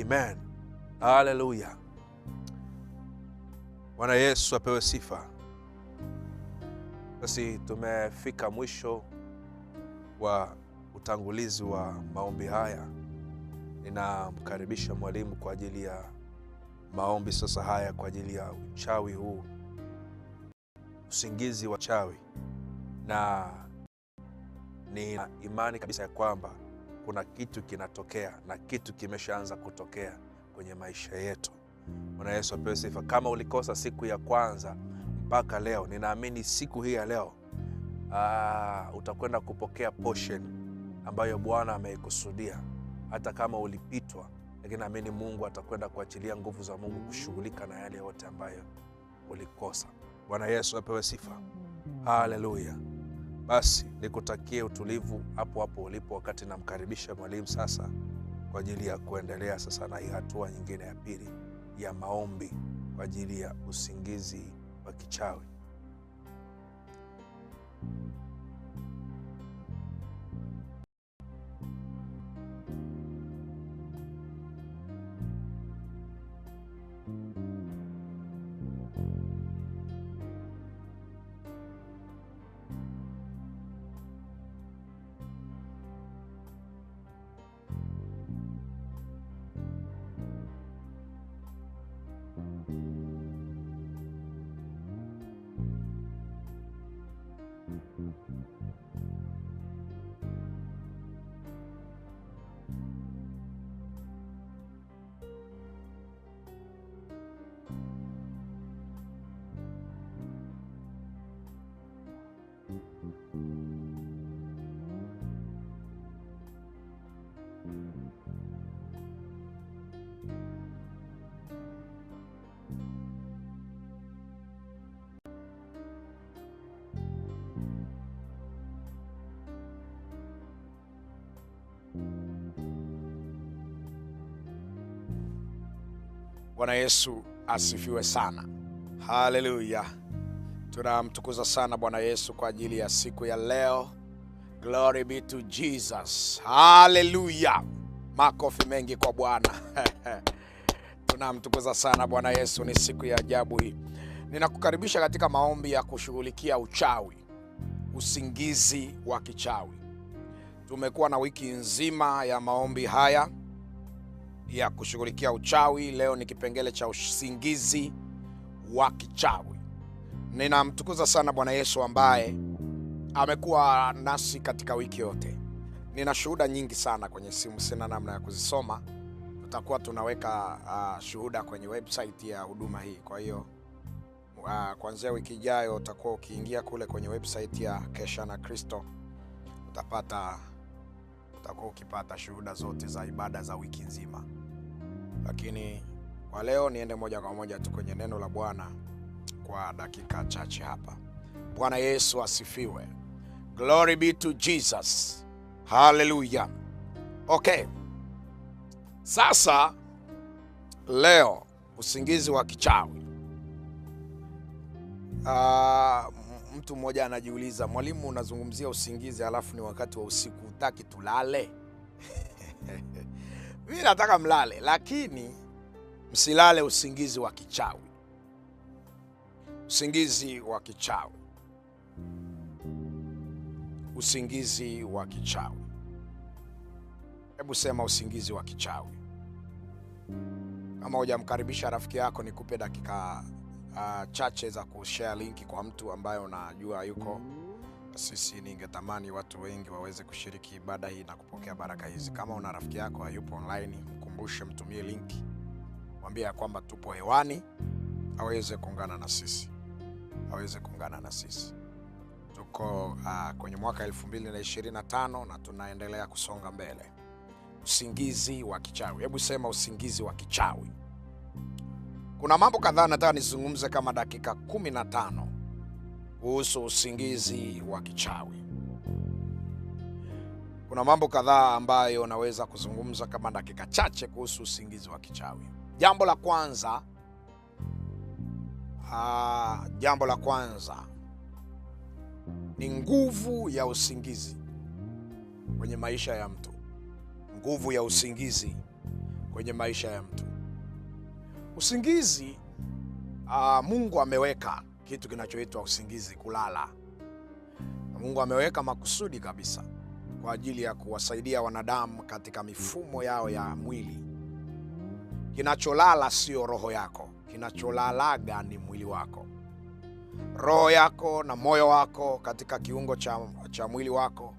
Amen, haleluya. Bwana Yesu apewe sifa. Basi tumefika mwisho wa utangulizi wa maombi haya. Ninamkaribisha mwalimu kwa ajili ya maombi sasa haya kwa ajili ya uchawi huu, usingizi wa chawi, na nina imani kabisa ya kwamba kuna kitu kinatokea na kitu kimeshaanza kutokea kwenye maisha yetu. Bwana Yesu apewe sifa. Kama ulikosa siku ya kwanza mpaka leo, ninaamini siku hii ya leo ah, utakwenda kupokea portion ambayo Bwana ameikusudia. Hata kama ulipitwa, lakini naamini Mungu atakwenda kuachilia nguvu za Mungu kushughulika na yale yote ambayo ulikosa. Bwana Yesu apewe sifa. Haleluya. Basi nikutakie utulivu hapo hapo ulipo, wakati namkaribisha mwalimu sasa kwa ajili ya kuendelea sasa na hii hatua nyingine ya pili ya maombi kwa ajili ya usingizi wa kichawi. Bwana Yesu asifiwe sana, haleluya. Tunamtukuza sana Bwana Yesu kwa ajili ya siku ya leo. Glory be to Jesus, haleluya. Makofi mengi kwa Bwana tunamtukuza sana Bwana Yesu, ni siku ya ajabu hii. Ninakukaribisha katika maombi ya kushughulikia uchawi, usingizi wa kichawi. Tumekuwa na wiki nzima ya maombi haya ya kushughulikia uchawi. Leo ni kipengele cha usingizi wa kichawi. Ninamtukuza sana Bwana Yesu ambaye amekuwa nasi katika wiki yote. Nina shuhuda nyingi sana kwenye simu, sina namna ya kuzisoma. Tutakuwa tunaweka uh, shuhuda kwenye website ya huduma hii. Kwa hiyo uh, kuanzia wiki ijayo utakuwa ukiingia kule kwenye website ya Kesha na Kristo, utapata utakuwa ukipata shuhuda zote za ibada za wiki nzima lakini kwa leo niende moja kwa moja tu kwenye neno la Bwana kwa dakika chache hapa. Bwana Yesu asifiwe. Glory be to Jesus. Haleluya. Okay. Sasa leo usingizi wa kichawi. Uh, mtu mmoja anajiuliza, mwalimu, unazungumzia usingizi alafu ni wakati wa usiku, hutaki tulale? mimi nataka mlale, lakini msilale usingizi wa kichawi, usingizi wa kichawi, usingizi wa kichawi. Hebu sema usingizi wa kichawi. Kama hujamkaribisha rafiki yako, nikupe dakika uh, chache za kushare linki kwa mtu ambaye unajua yuko sisi ningetamani watu wengi waweze kushiriki ibada hii na kupokea baraka hizi. Kama una rafiki yako hayupo online, mkumbushe, mtumie linki, mwambie ya kwamba tupo hewani, aweze kuungana na sisi, aweze kuungana na sisi. Tuko uh, kwenye mwaka 2025 na tunaendelea kusonga mbele. Usingizi wa kichawi, hebu sema usingizi wa kichawi. Kuna mambo kadhaa nataka nizungumze kama dakika 15 kuhusu usingizi wa kichawi. Kuna mambo kadhaa ambayo naweza kuzungumza kama dakika chache kuhusu usingizi wa kichawi. Jambo la kwanza aa, ah, jambo la kwanza ni nguvu ya usingizi kwenye maisha ya mtu. Nguvu ya usingizi kwenye maisha ya mtu. Usingizi aa, ah, Mungu ameweka kitu kinachoitwa usingizi, kulala. Mungu ameweka makusudi kabisa kwa ajili ya kuwasaidia wanadamu katika mifumo yao ya mwili. Kinacholala sio roho yako, kinacholalaga ni mwili wako. Roho yako na moyo wako katika kiungo cha, cha mwili wako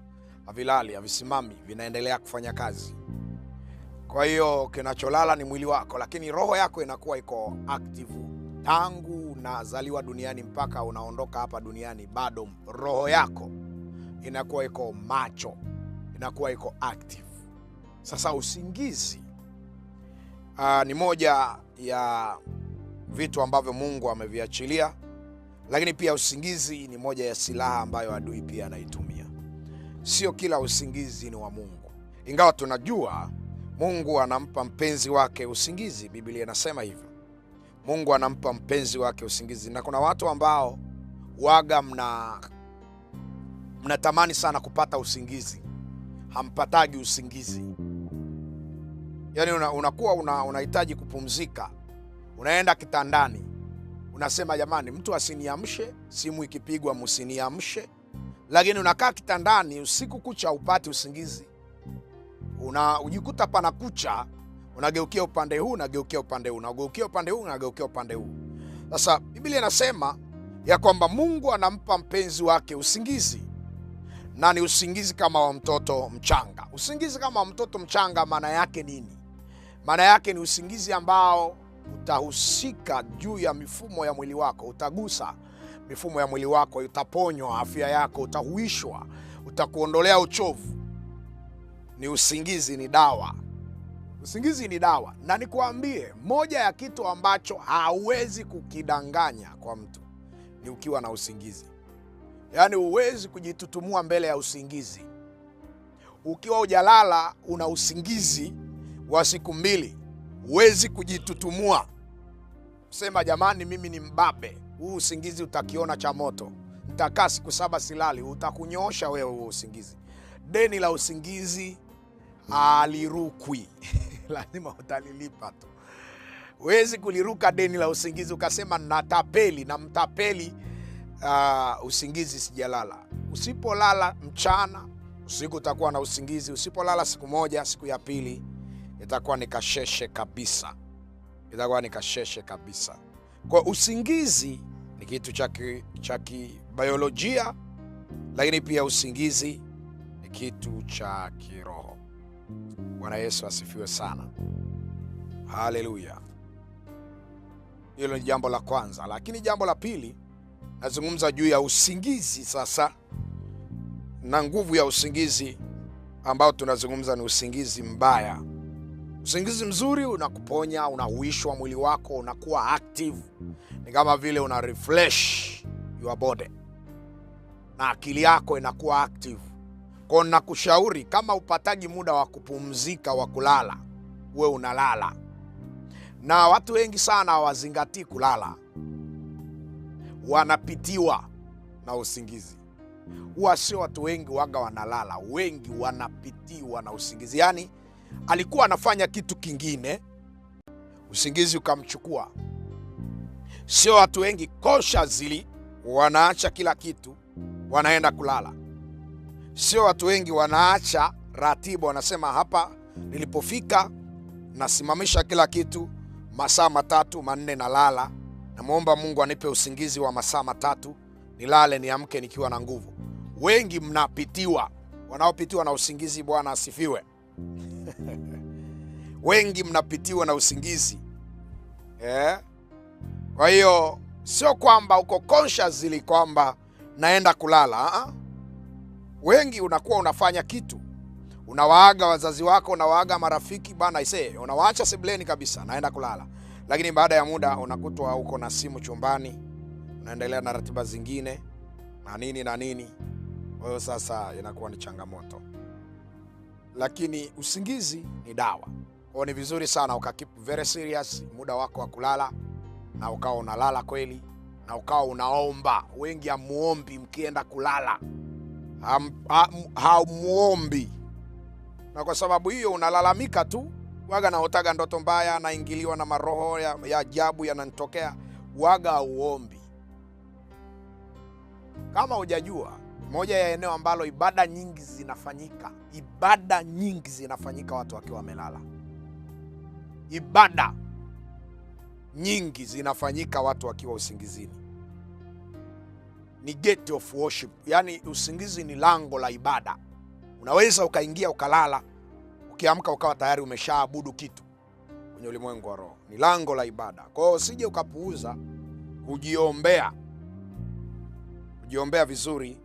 havilali, havisimami, vinaendelea kufanya kazi. Kwa hiyo kinacholala ni mwili wako, lakini roho yako inakuwa iko active tangu unazaliwa duniani mpaka unaondoka hapa duniani, bado roho yako inakuwa iko macho, inakuwa iko active. Sasa usingizi aa, ah, ni moja ya vitu ambavyo Mungu ameviachilia, lakini pia usingizi ni moja ya silaha ambayo adui pia anaitumia. Sio kila usingizi ni wa Mungu, ingawa tunajua Mungu anampa mpenzi wake usingizi, Biblia inasema hivyo Mungu anampa mpenzi wake usingizi. Na kuna watu ambao waga mna mnatamani sana kupata usingizi, hampataji usingizi. Yaani una, unakuwa unahitaji una kupumzika, unaenda kitandani, unasema jamani, mtu asiniamshe, simu ikipigwa msiniamshe. Lakini unakaa kitandani usiku kucha, upati usingizi, unajikuta kucha unageukia upande huu, unageukia upande huu, unageukia upande huu, unageukia upande huu. Sasa Biblia inasema ya kwamba Mungu anampa mpenzi wake usingizi, na ni usingizi kama wa mtoto mchanga. Usingizi kama wa mtoto mchanga, maana yake nini? Maana yake ni usingizi ambao utahusika juu ya mifumo ya mwili wako, utagusa mifumo ya mwili wako, utaponywa afya yako, utahuishwa, utakuondolea uchovu. Ni usingizi, ni dawa. Usingizi ni dawa, na nikuambie moja ya kitu ambacho hauwezi kukidanganya kwa mtu ni ukiwa na usingizi. Yaani huwezi kujitutumua mbele ya usingizi. Ukiwa ujalala una usingizi wa siku mbili, huwezi kujitutumua sema jamani, mimi ni mbabe, huu usingizi utakiona cha moto, nitakaa siku saba silali. Utakunyoosha wewe huo usingizi. Deni la usingizi alirukwi lazima utalilipa tu. Huwezi kuliruka deni la usingizi ukasema natapeli na mtapeli uh, usingizi sijalala. Usipolala mchana, usiku utakuwa na usingizi. Usipolala siku moja, siku ya pili itakuwa ni kasheshe kabisa, itakuwa ni kasheshe kabisa. Kwa usingizi ni kitu cha kibiolojia, lakini pia usingizi ni kitu cha kiroho. Bwana Yesu asifiwe sana, haleluya. Hilo ni jambo la kwanza, lakini jambo la pili nazungumza juu ya usingizi sasa, na nguvu ya usingizi ambao tunazungumza ni usingizi mbaya. Usingizi mzuri unakuponya, unahuishwa mwili wako, unakuwa active, ni kama vile una refresh your body na akili yako inakuwa active kwa na kushauri kama upataji muda wa kupumzika wa kulala, uwe unalala, na watu wengi sana hawazingatii kulala, wanapitiwa na usingizi. Huwa sio watu wengi waga wanalala, wengi wanapitiwa na usingizi. Yaani alikuwa anafanya kitu kingine, usingizi ukamchukua. Sio watu wengi koshazili, wanaacha kila kitu, wanaenda kulala Sio watu wengi wanaacha ratiba, wanasema hapa nilipofika nasimamisha kila kitu, masaa matatu manne nalala. Namwomba Mungu anipe usingizi wa masaa matatu, nilale niamke nikiwa na nguvu. Wengi mnapitiwa, wanaopitiwa na usingizi, Bwana asifiwe. Wengi mnapitiwa na usingizi eh? Kwa hiyo sio kwamba uko conscious ili kwamba naenda kulala ah, ah wengi unakuwa unafanya kitu, unawaaga wazazi wako, unawaaga marafiki bana ise, unawaacha sebleni kabisa, naenda kulala, lakini baada ya muda unakutwa uko na simu chumbani, unaendelea na ratiba zingine na nini na nini. Kwa hiyo sasa inakuwa ni changamoto, lakini usingizi ni dawa. Kwa ni vizuri sana uka very serious muda wako wa kulala, na ukawa unalala kweli, na ukawa unaomba. Wengi amuombi mkienda kulala hamwombi ha, na kwa sababu hiyo unalalamika tu. Waga naotaga ndoto mbaya, naingiliwa na maroho ya ajabu ya waga hauombi. Kama hujajua, moja ya eneo ambalo ibada nyingi zinafanyika, ibada nyingi zinafanyika watu wakiwa wamelala. Ibada nyingi zinafanyika watu wakiwa usingizini ni gate of worship, yani usingizi ni lango la ibada. Unaweza ukaingia ukalala, ukiamka ukawa tayari umeshaabudu kitu kwenye ulimwengu wa roho. Ni lango la ibada, kwa hiyo usije ukapuuza kujiombea, kujiombea vizuri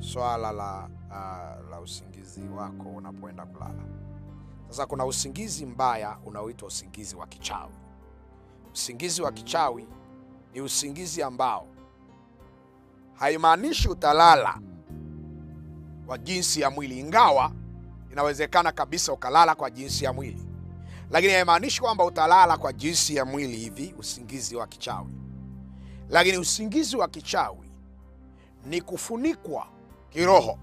swala la, uh, la usingizi wako unapoenda kulala. Sasa kuna usingizi mbaya unaoitwa usingizi wa kichawi. Usingizi wa kichawi ni usingizi ambao haimaanishi utalala kwa jinsi ya mwili, ingawa inawezekana kabisa ukalala kwa jinsi ya mwili, lakini haimaanishi kwamba utalala kwa jinsi ya mwili hivi, usingizi wa kichawi. Lakini usingizi wa kichawi ni kufunikwa kiroho,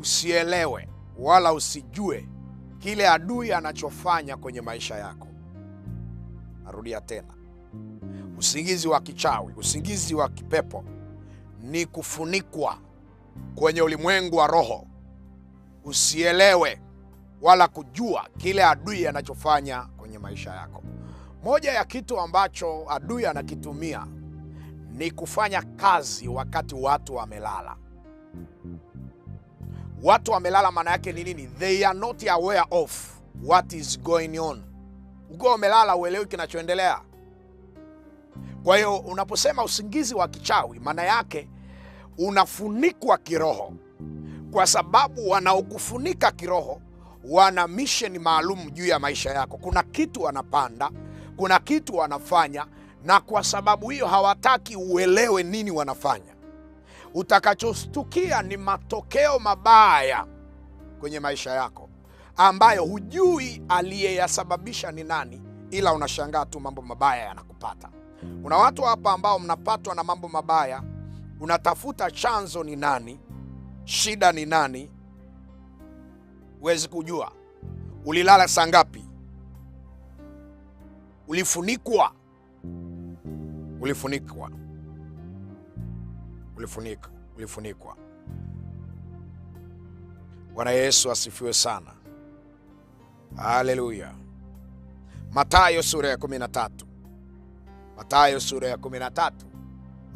usielewe wala usijue kile adui anachofanya kwenye maisha yako. Narudia tena, usingizi wa kichawi, usingizi wa kipepo ni kufunikwa kwenye ulimwengu wa roho, usielewe wala kujua kile adui anachofanya kwenye maisha yako. Moja ya kitu ambacho adui anakitumia ni kufanya kazi wakati watu wamelala. Watu wamelala maana yake ni nini? They are not aware of what is going on. Ukiwa umelala uelewi kinachoendelea. Kwa hiyo unaposema usingizi wa kichawi, maana yake unafunikwa kiroho, kwa sababu wanaokufunika kiroho wana misheni maalum juu ya maisha yako. Kuna kitu wanapanda, kuna kitu wanafanya, na kwa sababu hiyo hawataki uelewe nini wanafanya. Utakachostukia ni matokeo mabaya kwenye maisha yako ambayo hujui aliyeyasababisha ni nani, ila unashangaa tu mambo mabaya yanakupata. Kuna watu hapa ambao mnapatwa na mambo mabaya unatafuta chanzo ni nani, shida ni nani, huwezi kujua. Ulilala saa ngapi? Ulifunikwa? Ulifunikwa? Ulifunika? Ulifunikwa? Bwana Yesu asifiwe sana, haleluya. Matayo sura ya 13, Matayo sura ya 13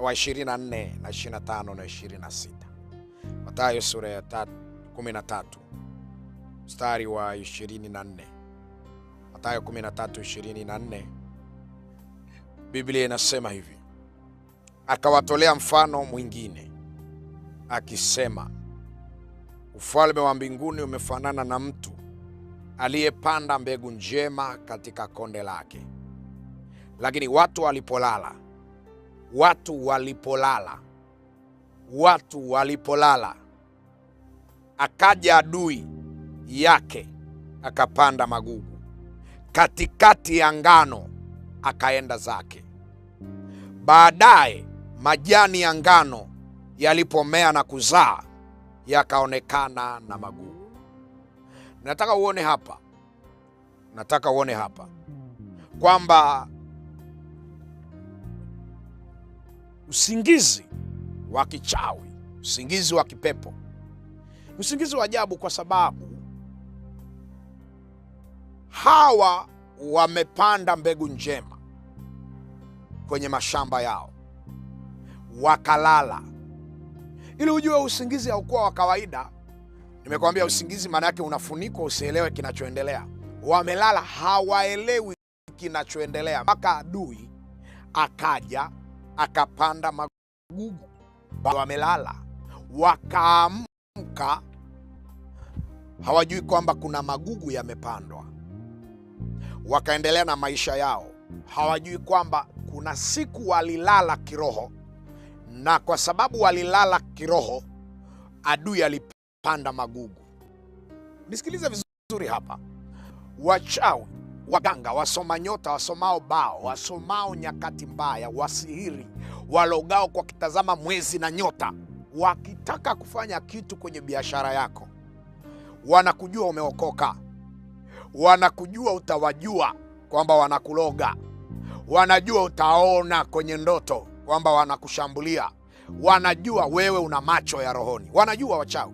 wa 24 na 25 na 26. Mathayo sura ya 13 mstari wa 24. Mathayo 13:24 Biblia inasema hivi, akawatolea mfano mwingine akisema, ufalme wa mbinguni umefanana na mtu aliyepanda mbegu njema katika konde lake, lakini watu walipolala watu walipolala, watu walipolala, akaja adui yake akapanda magugu katikati ya ngano, akaenda zake. Baadaye majani ya ngano yalipomea na kuzaa, yakaonekana na magugu. Nataka uone hapa, nataka uone hapa kwamba usingizi wa kichawi, usingizi wa kipepo, usingizi wa ajabu, kwa sababu hawa wamepanda mbegu njema kwenye mashamba yao wakalala. Ili ujue usingizi haukuwa wa kawaida. Nimekuambia usingizi maana yake unafunikwa, usielewe kinachoendelea. Wamelala, hawaelewi kinachoendelea mpaka adui akaja akapanda magugu, wamelala wakaamka, hawajui kwamba kuna magugu yamepandwa, wakaendelea na maisha yao, hawajui kwamba kuna siku walilala kiroho, na kwa sababu walilala kiroho, adui alipanda magugu. Nisikilize vizuri hapa, wachawi waganga, wasoma nyota, wasomao bao, wasomao nyakati mbaya, wasihiri, walogao kwa kitazama mwezi na nyota, wakitaka kufanya kitu kwenye biashara yako, wanakujua umeokoka, wanakujua utawajua kwamba wanakuloga, wanajua utaona kwenye ndoto kwamba wanakushambulia, wanajua wewe una macho ya rohoni, wanajua wachawi.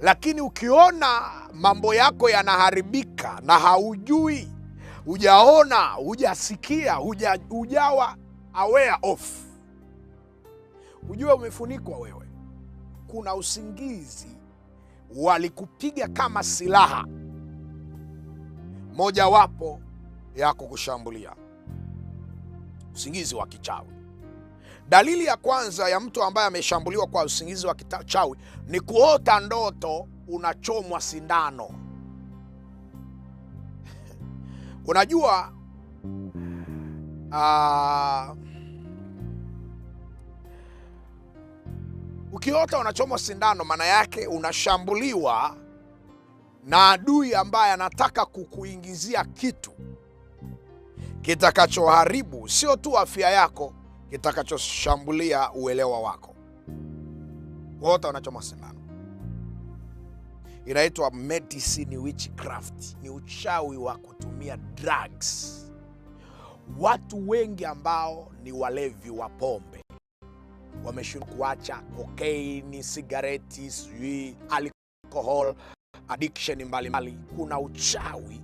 Lakini ukiona mambo yako yanaharibika na haujui hujaona, hujasikia, hujawa aware of. Ujue umefunikwa wewe, kuna usingizi walikupiga kama silaha mojawapo ya kukushambulia, usingizi wa kichawi. Dalili ya kwanza ya mtu ambaye ameshambuliwa kwa usingizi wa kichawi ni kuota ndoto unachomwa sindano. Unajua uh, ukiota unachomwa sindano, maana yake unashambuliwa na adui ambaye anataka kukuingizia kitu kitakachoharibu sio tu afya yako, kitakachoshambulia uelewa wako. Wote wanachoma sindano inaitwa medicine witchcraft, ni uchawi wa kutumia drugs. Watu wengi ambao ni walevi wa pombe wameshindwa kuacha kokaini, sigareti, sijui alcohol addiction mbalimbali mbali. Kuna uchawi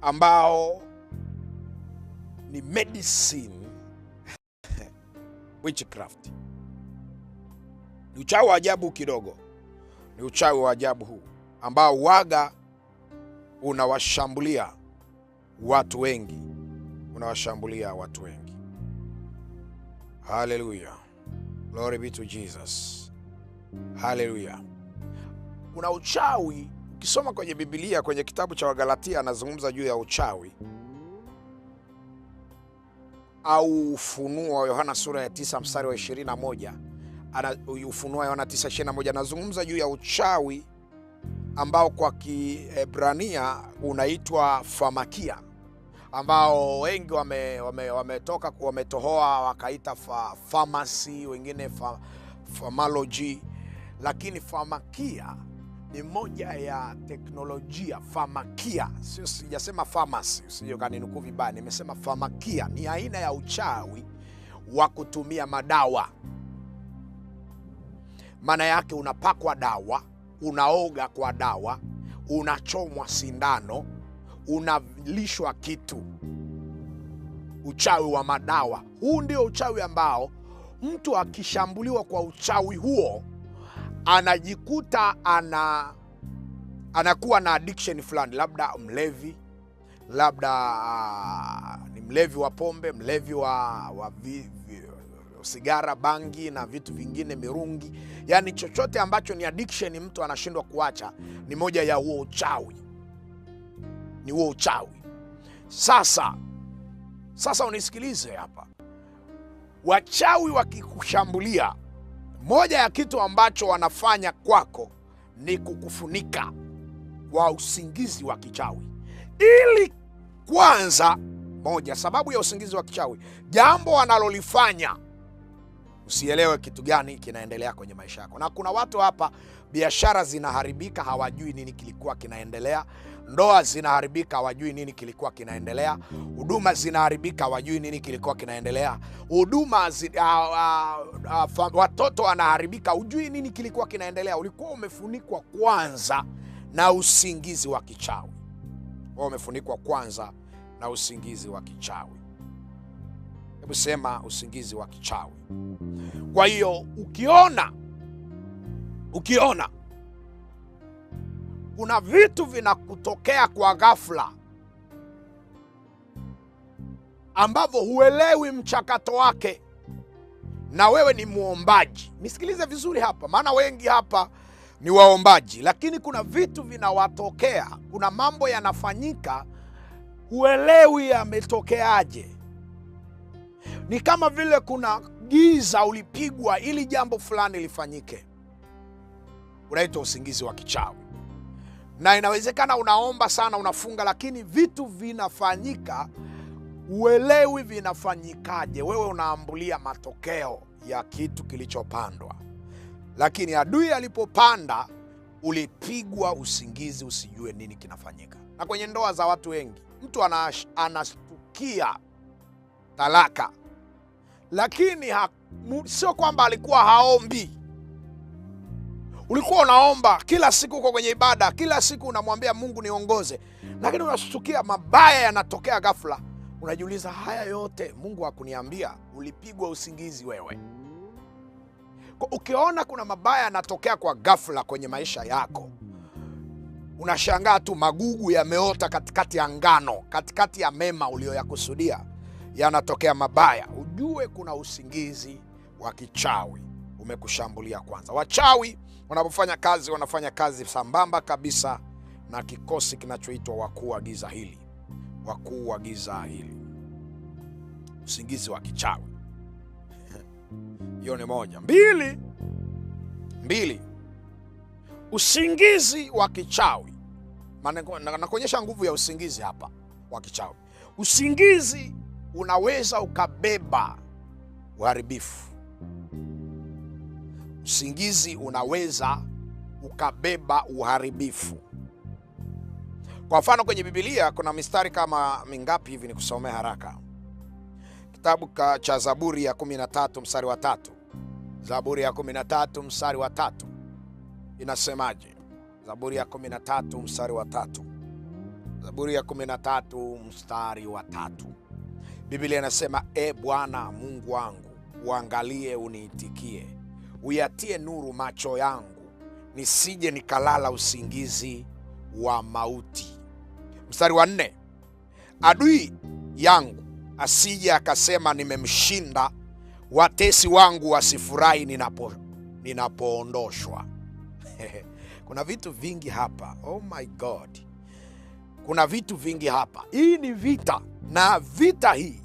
ambao ni medicine witchcraft, ni uchawi wa ajabu kidogo. Ni uchawi wa ajabu huu ambao waga unawashambulia watu wengi, unawashambulia watu wengi. Haleluya, glory be to Jesus. Haleluya, kuna uchawi ukisoma kwenye Biblia, kwenye kitabu cha Wagalatia anazungumza juu ya uchawi au Ufunuo wa Yohana sura ya 9 mstari wa 21 Ufunuo Yohana 9:21 anazungumza juu ya uchawi ambao kwa Kiebrania unaitwa famakia, ambao wengi wametoka wame, wametohoa wakaita fa, famasi wengine fa, famaloji, lakini famakia ni moja ya teknolojia. Famakia sio, sijasema famasi, usije ukaninukuu vibaya. Nimesema famakia ni aina ya uchawi wa kutumia madawa maana yake unapakwa dawa, unaoga kwa dawa, unachomwa sindano, unalishwa kitu. Uchawi wa madawa huu ndio uchawi ambao mtu akishambuliwa kwa uchawi huo anajikuta ana anakuwa na addiction fulani, labda mlevi, labda uh, ni mlevi wa pombe, mlevi wa, wa sigara, bangi na vitu vingine, mirungi, yaani chochote ambacho ni addiction mtu anashindwa kuacha, ni moja ya huo uchawi, ni huo uchawi. Sasa sasa unisikilize hapa, wachawi wakikushambulia, moja ya kitu ambacho wanafanya kwako ni kukufunika kwa usingizi wa kichawi ili kwanza moja, sababu ya usingizi wa kichawi, jambo wanalolifanya usielewe kitu gani kinaendelea kwenye maisha yako. Na kuna watu hapa, biashara zinaharibika, hawajui nini kilikuwa kinaendelea. Ndoa zinaharibika, hawajui nini kilikuwa kinaendelea. Huduma zinaharibika, hawajui nini kilikuwa kinaendelea. Huduma zi, uh, uh, uh, watoto wanaharibika, hujui nini kilikuwa kinaendelea. Ulikuwa umefunikwa kwanza na usingizi wa kichawi, umefunikwa kwanza na usingizi wa kichawi kusema usingizi wa kichawi. Kwa hiyo ukiona ukiona kuna vitu vinakutokea kwa ghafla ambavyo huelewi mchakato wake, na wewe ni mwombaji, nisikilize vizuri hapa, maana wengi hapa ni waombaji, lakini kuna vitu vinawatokea, kuna mambo yanafanyika, huelewi yametokeaje. Ni kama vile kuna giza ulipigwa ili jambo fulani lifanyike, unaitwa usingizi wa kichawi. Na inawezekana unaomba sana, unafunga, lakini vitu vinafanyika, uelewi vinafanyikaje. Wewe unaambulia matokeo ya kitu kilichopandwa, lakini adui alipopanda ulipigwa usingizi, usijue nini kinafanyika. Na kwenye ndoa za watu wengi, mtu anashtukia anastukia talaka lakini ha, sio kwamba alikuwa haombi. Ulikuwa unaomba kila siku, uko kwenye ibada kila siku, unamwambia Mungu niongoze, lakini unashtukia mabaya yanatokea ghafla. Unajiuliza, haya yote Mungu hakuniambia? Ulipigwa usingizi wewe. Ukiona kuna mabaya yanatokea kwa ghafla kwenye maisha yako, unashangaa tu, magugu yameota katikati ya ngano, katikati ya mema uliyoyakusudia yanatokea mabaya, ujue kuna usingizi wa kichawi umekushambulia. Kwanza, wachawi wanapofanya kazi wanafanya kazi sambamba kabisa na kikosi kinachoitwa wakuu wa giza hili, wakuu wa giza hili, usingizi wa kichawi hiyo ni moja. Mbili, mbili, usingizi wa kichawi na nguvu ya usingizi hapa wa kichawi. Usingizi unaweza ukabeba uharibifu. Usingizi unaweza ukabeba uharibifu. Kwa mfano, kwenye Bibilia kuna mistari kama mingapi hivi? Ni kusomea haraka kitabu cha Zaburi ya 13 mstari wa tatu. Zaburi ya 13 mstari wa tatu inasemaje? Zaburi ya 13 mstari wa tatu. Zaburi ya 13 mstari wa tatu. Biblia inasema e Bwana Mungu wangu, uangalie uniitikie, uyatie nuru macho yangu, nisije nikalala usingizi wa mauti. Mstari wa nne, adui yangu asije akasema nimemshinda, watesi wangu wasifurahi ninapo ninapoondoshwa. Kuna vitu vingi hapa. Oh my God, kuna vitu vingi hapa. Hii ni vita na vita hii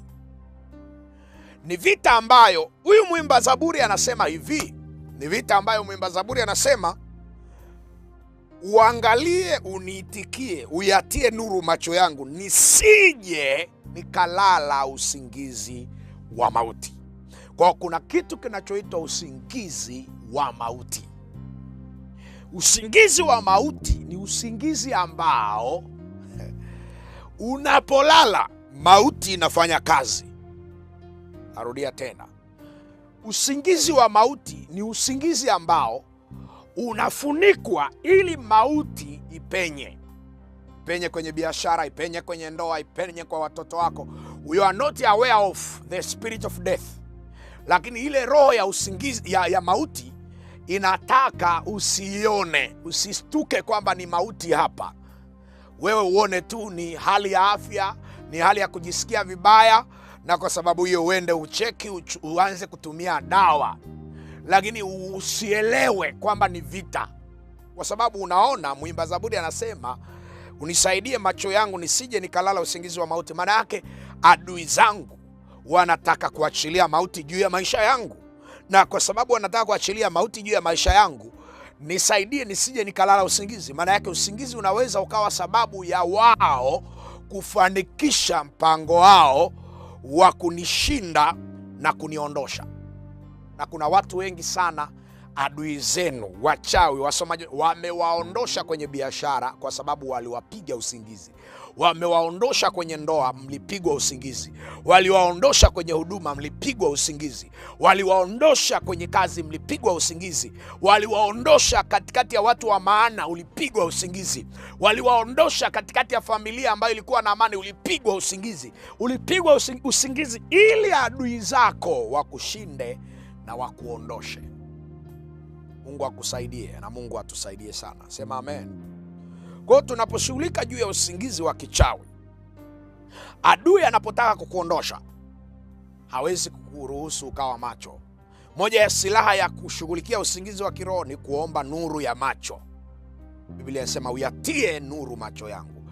ni vita ambayo huyu mwimba Zaburi anasema hivi, ni vita ambayo mwimba Zaburi anasema uangalie, uniitikie, uyatie nuru macho yangu, nisije nikalala usingizi wa mauti. Kwa kuna kitu kinachoitwa usingizi wa mauti. Usingizi wa mauti ni usingizi ambao unapolala mauti inafanya kazi. Narudia tena, usingizi wa mauti ni usingizi ambao unafunikwa ili mauti ipenye ipenye kwenye biashara, ipenye kwenye ndoa, ipenye kwa watoto wako. You are not aware of the spirit of death, lakini ile roho ya usingizi ya, ya mauti inataka usiione, usistuke kwamba ni mauti hapa. Wewe uone tu ni hali ya afya, ni hali ya kujisikia vibaya, na kwa sababu hiyo uende ucheki, uanze kutumia dawa, lakini usielewe kwamba ni vita, kwa sababu unaona, mwimba Zaburi anasema unisaidie macho yangu nisije nikalala usingizi wa mauti. Maana yake adui zangu wanataka kuachilia mauti juu ya maisha yangu, na kwa sababu wanataka kuachilia mauti juu ya maisha yangu, nisaidie nisije nikalala usingizi. Maana yake usingizi unaweza ukawa sababu ya wao kufanikisha mpango wao wa kunishinda na kuniondosha. Na kuna watu wengi sana adui zenu wachawi, wasomaji wamewaondosha kwenye biashara kwa sababu waliwapiga usingizi wamewaondosha kwenye ndoa, mlipigwa usingizi. Waliwaondosha kwenye huduma, mlipigwa usingizi. Waliwaondosha kwenye kazi, mlipigwa usingizi. Waliwaondosha katikati ya watu wa maana, ulipigwa usingizi. Waliwaondosha katikati ya familia ambayo ilikuwa na amani, ulipigwa usingizi. Ulipigwa usingizi ili adui zako wakushinde na wakuondoshe. Mungu akusaidie na Mungu atusaidie sana, sema amen. Kwa hiyo tunaposhughulika juu ya usingizi wa kichawi, adui anapotaka kukuondosha hawezi kukuruhusu ukawa macho. Moja ya silaha ya kushughulikia usingizi wa kiroho ni kuomba nuru ya macho. Biblia inasema uyatie nuru macho yangu